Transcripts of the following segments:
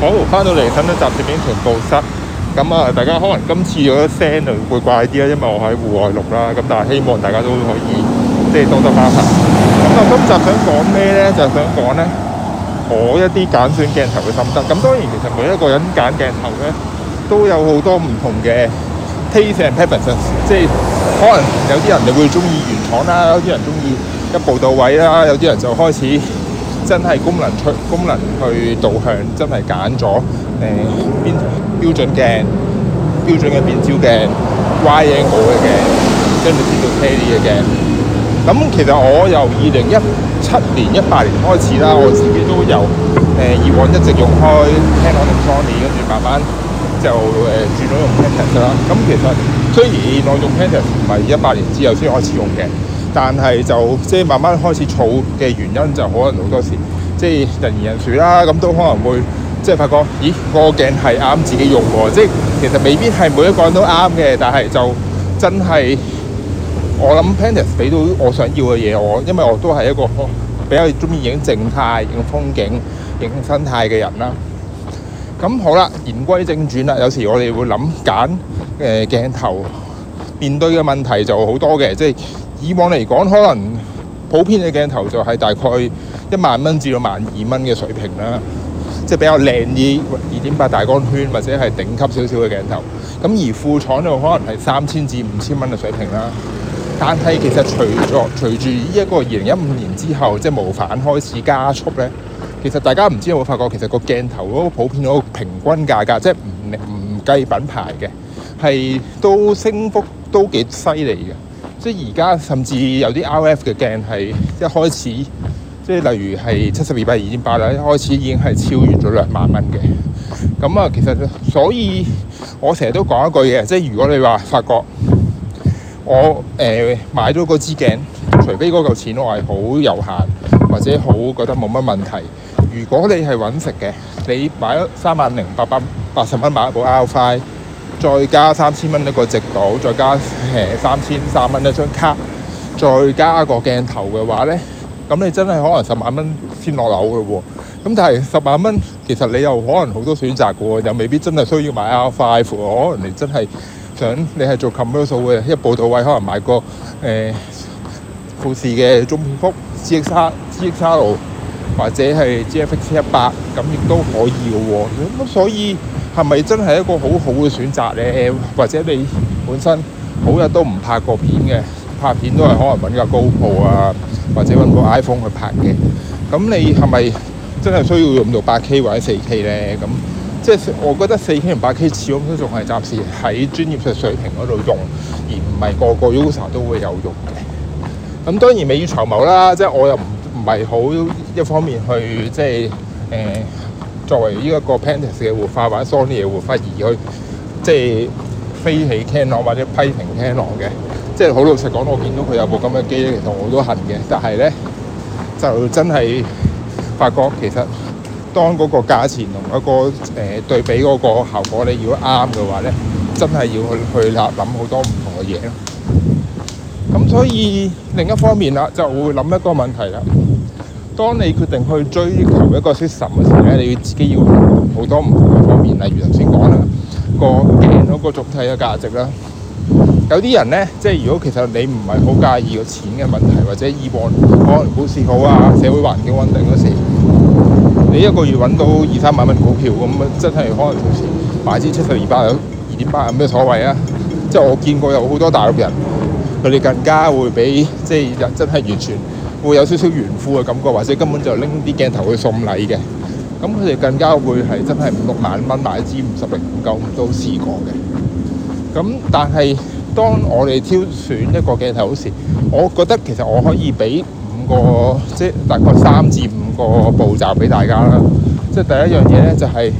好，翻到嚟新一集攝影情報室。咁、嗯、啊，大家可能今次有啲聲會怪啲啦，因為我喺戶外錄啦。咁但係希望大家都可以，即係多多包涵。咁、嗯、啊，今集想講咩咧？就是、想講咧，我一啲揀選鏡頭嘅心得。咁、嗯、當然，其實每一個人揀鏡頭咧，都有好多唔同嘅 taste and preference。即係可能有啲人你會中意原廠啦，有啲人中意一步到位啦，有啲人就開始。真係功能出功能去導向，真係揀咗誒邊標準嘅標準嘅變焦鏡、wide angle 嘅鏡，跟住先到 T 系列嘅鏡。咁、嗯、其實我由二零一七年一八年開始啦，我自己都有誒、呃、以往一直用開 Canon 同 Sony，跟住慢慢就誒、呃、轉咗用 Panasonic 啦。咁、嗯、其實雖然我用 Panasonic 唔係一八年之後先開始用嘅。但係就即係慢慢開始儲嘅原因，就可能好多時即係人言人殊啦，咁都可能會即係發覺，咦、個鏡係啱自己用喎。即係其實未必係每一個人都啱嘅，但係就真係我諗 Panasonic 俾到我想要嘅嘢，我因為我都係一個比較中意影靜態、影風景、影生態嘅人啦。咁好啦，言歸正傳啦。有時我哋會諗揀誒鏡頭面對嘅問題就好多嘅，即係。以往嚟講，可能普遍嘅鏡頭就係大概一萬蚊至到萬二蚊嘅水平啦，即係比較靚啲，二點八大光圈或者係頂級少少嘅鏡頭。咁而副廠就可能係三千至五千蚊嘅水平啦。但係其實除咗隨住呢一個二零一五年之後，即係無反開始加速咧，其實大家唔知有冇發覺，其實個鏡頭都普遍嘅平均價格，即係唔唔計品牌嘅，係都升幅都幾犀利嘅。即係而家甚至有啲 RF 嘅鏡係一開始，即係例如係七十二百二點八啦，一開始已經係超越咗兩萬蚊嘅。咁啊，其實所以我成日都講一句嘅，即係如果你話發覺我，我、呃、誒買咗個支鏡，除非嗰嚿錢我係好有限，或者好覺得冇乜問題。如果你係揾食嘅，你買咗三萬零八百八十蚊買一部 RF。i 再加三千蚊一個直賭，再加誒三千三蚊一張卡，再加一個鏡頭嘅話咧，咁你真係可能十萬蚊先落樓咯喎。咁但係十萬蚊，其實你又可能好多選擇嘅喎，又未必真係需要買 R5 喎。可能你真係想你係做 commercial 嘅，一步到位，可能買個誒、呃、富士嘅中片幅 Z X L Z X L，或者係 GFX 一百咁亦都可以嘅喎。咁所以。係咪真係一個好好嘅選擇咧？或者你本身好日都唔拍過片嘅，拍片都係可能揾個 GoPro 啊，或者揾部 iPhone 去拍嘅。咁你係咪真係需要用到八 K 或者四 K 咧？咁即係我覺得四 K 同八 K 始終都仲係暫時喺專業嘅水平嗰度用，而唔係個個 user 都會有用嘅。咁當然未雨綢繆啦，即係我又唔唔係好一方面去即係誒。呃作為呢一個 pentax 嘅活化，或者 sony 嘅活化，而去即係飛起 canon 或者批評 canon 嘅，即係好老實講，我見到佢有部咁嘅機，其實我都恨嘅。但係咧，就真係發覺其實當嗰個價錢同一個誒對比嗰個效果，你如果啱嘅話咧，真係要去去諗好多唔同嘅嘢咯。咁所以另一方面啦，就會諗一個問題啦。當你決定去追求一個 system 嘅時咧，你要自己要好多唔同嘅方面，例如、那個、頭先講啦，個鏡嗰個總體嘅價值啦。有啲人咧，即係如果其實你唔係好介意個錢嘅問題，或者以往可能股市好啊，社會環境穩定嗰時，你一個月揾到二三萬蚊股票咁啊，真係可能投資百分之七十二八二點八有咩所謂啊？即係我見過有好多大陸人，佢哋更加會畀即係真係完全。會有少少炫富嘅感覺，或者根本就拎啲鏡頭去送禮嘅。咁佢哋更加會係真係五六萬蚊買一支五十零，唔夠唔到試過嘅。咁但係當我哋挑選一個鏡頭時，我覺得其實我可以俾五個，即係大概三至五個步驟俾大家啦。即係第一樣嘢咧、就係，就係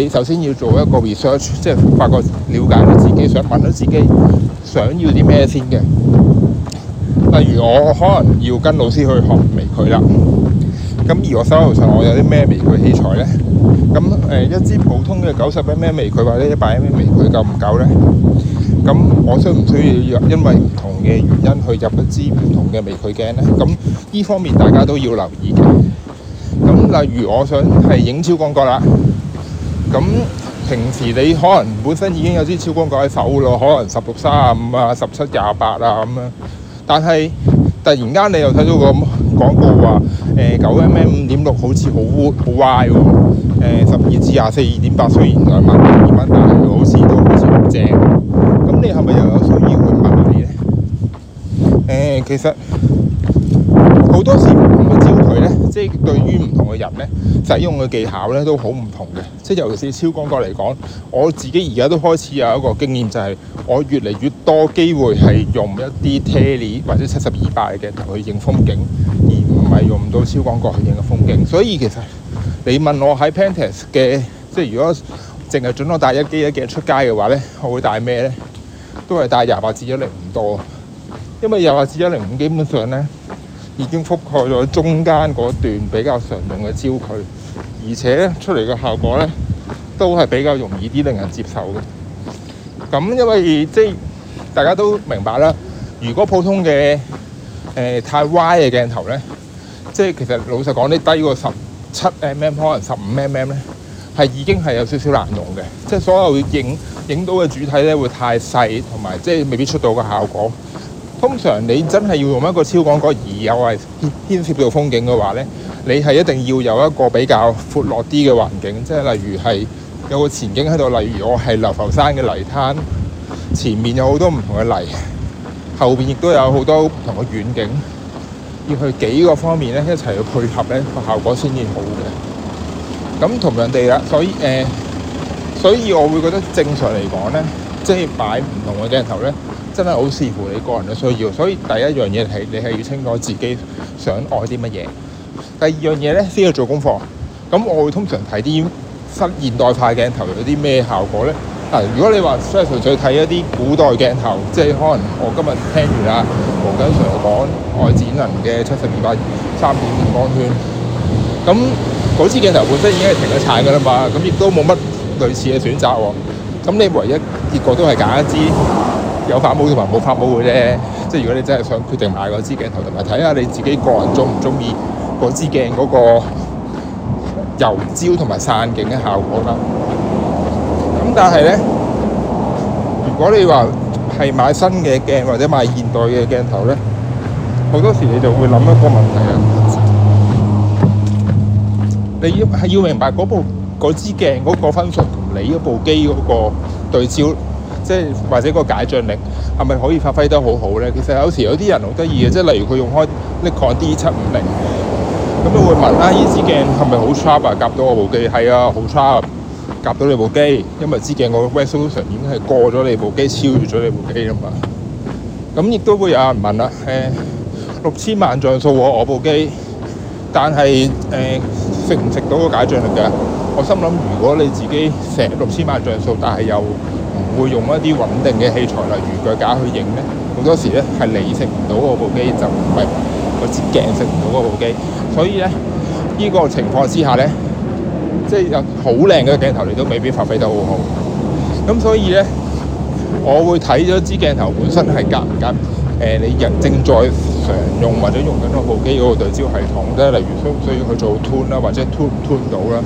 你首先要做一個 research，即係發覺了解到自己想問到自己想要啲咩先嘅。例如我可能要跟老師去學微距啦，咁而我手頭上我有啲咩微距器材呢？咁誒一支普通嘅九十 mm 微距或者一百 mm 微距夠唔夠呢？咁我需唔需要因因為唔同嘅原因去入一支唔同嘅微距鏡呢？咁呢方面大家都要留意嘅。咁例如我想係影超廣角啦，咁平時你可能本身已經有支超廣角喺手咯，可能十六三啊五啊十七廿八啊咁樣。但係突然間你又睇到個廣告話，誒九 M M 五點六好似好好威喎，嗯，十二至廿四二點八，雖然兩萬幾蚊，2，但係好似都好似好正。咁你係咪又有需要去買咧？誒、嗯，其實好多時。即係對於唔同嘅人咧，使用嘅技巧咧都好唔同嘅。即係尤其是超廣角嚟講，我自己而家都開始有一個經驗，就係、是、我越嚟越多機會係用一啲 tele 或者七十二百嘅頭去影風景，而唔係用唔到超廣角去影風景。所以其實你問我喺 Pentax 嘅，即係如果淨係準我帶一機一鏡出街嘅話咧，我會帶咩咧？都係帶廿八至一零五多，因為廿八至一零五基本上咧。已經覆蓋咗中間嗰段比較常用嘅焦距，而且出嚟嘅效果咧都係比較容易啲令人接受嘅。咁因為即係大家都明白啦，如果普通嘅誒、呃、太歪嘅鏡頭咧，即係其實老實講啲低過十七 mm 可能十五 mm 咧，係已經係有少少難用嘅，即係所有影影到嘅主體咧會太細，同埋即係未必出到個效果。通常你真係要用一個超廣角而又係牽涉到風景嘅話咧，你係一定要有一個比較闊落啲嘅環境，即係例如係有個前景喺度，例如我係流浮山嘅泥灘，前面有好多唔同嘅泥，後邊亦都有好多唔同嘅遠景，要去幾個方面咧一齊去配合咧個效果先至好嘅。咁同樣哋啦，所以誒，所以我會覺得正常嚟講咧，即係擺唔同嘅鏡頭咧。真係好視乎你個人嘅需要，所以第一樣嘢係你係要清楚自己想愛啲乜嘢。第二樣嘢咧，先要做功課。咁我會通常睇啲新現代派鏡頭有啲咩效果咧？嗱，如果你話專門再睇一啲古代鏡頭，即係可能我今日聽完啦，毛根常講愛展能嘅七十二八三點五光圈。咁嗰支鏡頭本身已經係停咗產噶啦嘛，咁亦都冇乜類似嘅選擇喎。咁你唯一結果都係揀一支。有發毛同埋冇發毛嘅啫。即係如果你真係想決定買嗰支鏡頭，同埋睇下你自己個人中唔中意嗰支鏡嗰個柔焦同埋散景嘅效果啦。咁、嗯、但係咧，如果你話係買新嘅鏡或者買現代嘅鏡頭咧，好多時你就會諗一個問題啊。你要係要明白嗰部嗰支鏡嗰個分數同你嗰部機嗰個對焦。即係或者個解像力係咪可以發揮得好好咧？其實有時有啲人好得意嘅，即係例如佢用開 Nikon D 七五零，咁都會問啦：啊「呢支鏡係咪好 sharp 啊？夾到我部機？係啊，好 sharp，夾到你部機。因為支鏡個 resolution 已經係過咗你部機，超越咗你部機吖嘛。咁亦都會有人問啦，誒、啊、六千萬像素我部機，但係誒食唔食到個解像力㗎？我心諗如果你自己成六千萬像素，但係又會用一啲穩定嘅器材，例如腳架去影咧，好多時咧係你食唔到嗰部機，就唔係個支鏡食唔到嗰部機，所以咧呢個情況之下咧，即係有好靚嘅鏡頭，你都未必發揮得好好。咁所以咧，我會睇咗支鏡頭本身係夾唔夾誒，你人正在常用或者用緊嗰部機嗰個對焦系統咧，即係例如需唔需要去做 tune 啦，或者 tune 唔 tune 到啦。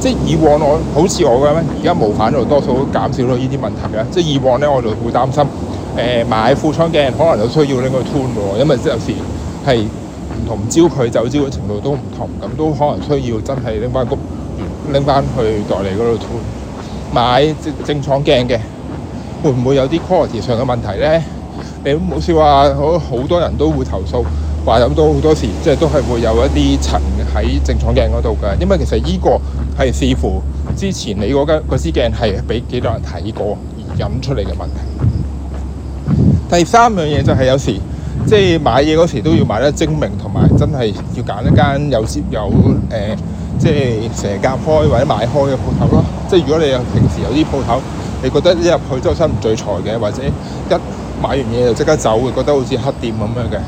即係以,以往我好似我咁樣，而家無反就多數減少咗呢啲問題嘅。即係以往咧，我就會擔心誒、呃、買副廠鏡可能就需要拎去 tool 因為即有時係唔同焦距、焦距嘅程度都唔同，咁都可能需要真係拎翻個拎翻去代理嗰度 turn。買正廠鏡嘅，會唔會有啲 quality 上嘅問題咧？誒冇笑話、啊，好好多人都會投訴。話有都好多時，即係都係會有一啲塵喺正廠鏡嗰度㗎。因為其實依個係視乎之前你嗰、那、間個支鏡係俾幾多人睇過而引出嚟嘅問題。第三樣嘢就係有時即係買嘢嗰時都要買得精明，同埋真係要揀一間有接有誒、呃，即係成日交開或者買開嘅鋪頭咯。即係如果你有平時有啲鋪頭，你覺得一入去都好似唔聚財嘅，或者一買完嘢就即刻走，會覺得好似黑店咁樣嘅。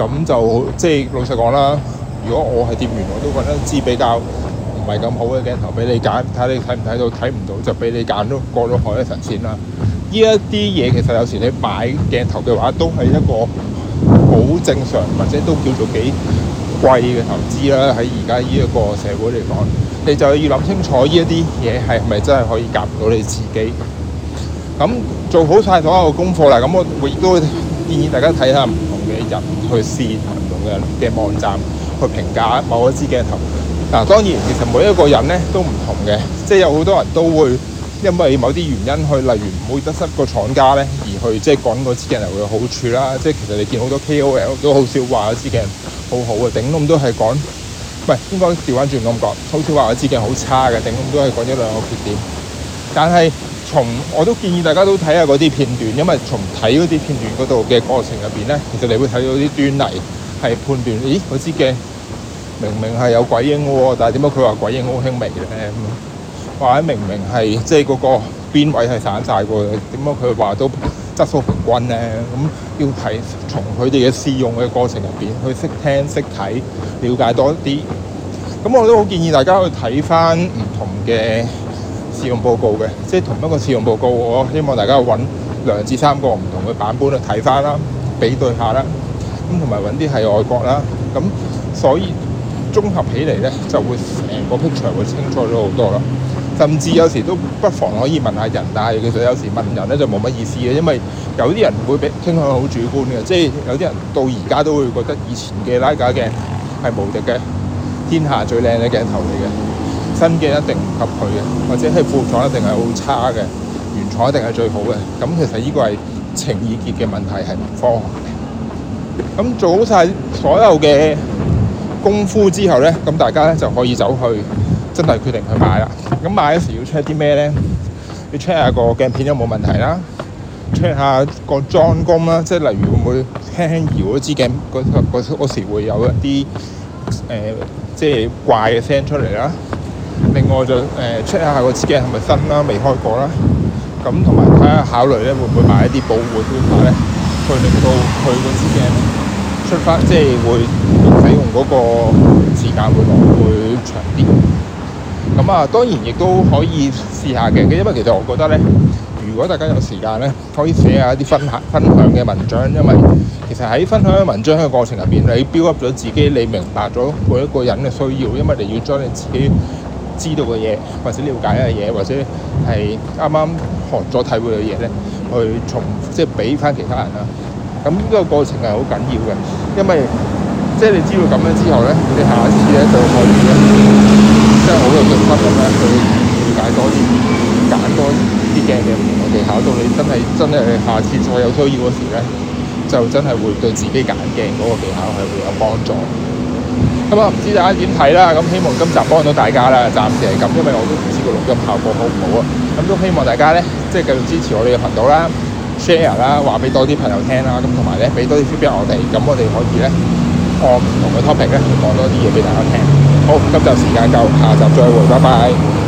咁就即係老實講啦，如果我係店員，我都揾一支比較唔係咁好嘅鏡頭俾你揀，睇你睇唔睇到，睇唔到就俾你揀咯，過到海嘅神仙啦。呢一啲嘢，其實有時你買鏡頭嘅話，都係一個好正常，或者都叫做幾貴嘅投資啦。喺而家呢一個社會嚟講，你就要諗清楚呢一啲嘢係咪真係可以夾到你自己。咁做好晒所有嘅功課啦，咁我亦都建議大家睇下。人去試唔同嘅嘅網站去評價某一支鏡頭，嗱、啊、當然其實每一個人咧都唔同嘅，即係有好多人都會因為某啲原因去，例如唔會得失個廠家咧，而去即係講嗰支鏡頭嘅好處啦。即係其實你見好多 KOL 都好少話一支鏡好好嘅，頂咁都係講，唔係應該調翻轉咁講，好少話一支鏡好差嘅，頂咁都係講咗兩個缺點，但係。從我都建議大家都睇下嗰啲片段，因為從睇嗰啲片段嗰度嘅過程入邊咧，其實你會睇到啲端倪，係判斷咦，我知嘅，明明係有鬼影喎，但係點解佢話鬼影好輕微咧？或者明明係即係嗰個邊位係散曬過嘅，點解佢話都質素平均咧？咁要睇從佢哋嘅試用嘅過程入邊去識聽識睇，了解多啲。咁我都好建議大家去睇翻唔同嘅試用報告嘅，即係同一個試用報告，我希望大家揾兩至三個唔同嘅版本去睇返啦，比對下啦。咁同埋揾啲係外國啦。咁所以綜合起嚟咧，就會成個 picture 會清楚咗好多囉。甚至有時都不妨可以問下人，但係其實有時問人咧就冇乜意思嘅，因為有啲人會比傾向好主觀嘅，即係有啲人到而家都會覺得以前嘅拉架鏡係無敵嘅，天下最靚嘅鏡頭嚟嘅。新嘅一定唔及佢嘅，或者係副廠一定係好差嘅，原廠一定係最好嘅。咁其實呢個係情意結嘅問題，係唔科學嘅。咁 做好晒所有嘅功夫之後咧，咁大家咧就可以走去真係決定去買啦。咁買嘅時要 check 啲咩咧？要 check 下個鏡片有冇問題啦，check 下個裝工啦，即係例如會唔會輕輕搖嗰支鏡嗰個時會有一啲誒、呃、即係怪嘅聲出嚟啦。另外就誒 check、呃、下個支鏡係咪新啦、啊，未開過啦、啊。咁同埋睇下考慮咧，會唔會買一啲保護嘅方法咧，去令到佢個支鏡出翻，即係會使用嗰個時間會長啲。咁啊，當然亦都可以試下嘅，因為其實我覺得咧，如果大家有時間咧，可以寫下一啲分享分享嘅文章，因為其實喺分享文章嘅過程入邊，你標誌咗自己，你明白咗每一個人嘅需要，因為你要將你自己。知道嘅嘢，或者了解嘅嘢，或者係啱啱學咗體會嘅嘢咧，去重即係俾翻其他人啦。咁、這、呢個過程係好緊要嘅，因為即係你知道咁樣之後咧，你下一次咧就可以咧，即係好有信心咁樣去了解多啲，揀多啲啲鏡嘅技巧。到你真係真係下次再有需要嗰時咧，就真係會對自己揀鏡嗰個技巧係會有幫助。咁啊，唔知大家點睇啦？咁希望今集幫到大家啦。暫時係咁，因為我都唔知個錄音效果好唔好啊。咁都希望大家咧，即係繼續支持我哋嘅頻道啦，share 啦，話俾多啲朋友聽啦。咁同埋咧，俾多啲 feedback 俾我哋，咁我哋可以咧，按唔同嘅 topic 咧，嚟講多啲嘢俾大家聽。好，今集時間夠，下集再會，拜拜。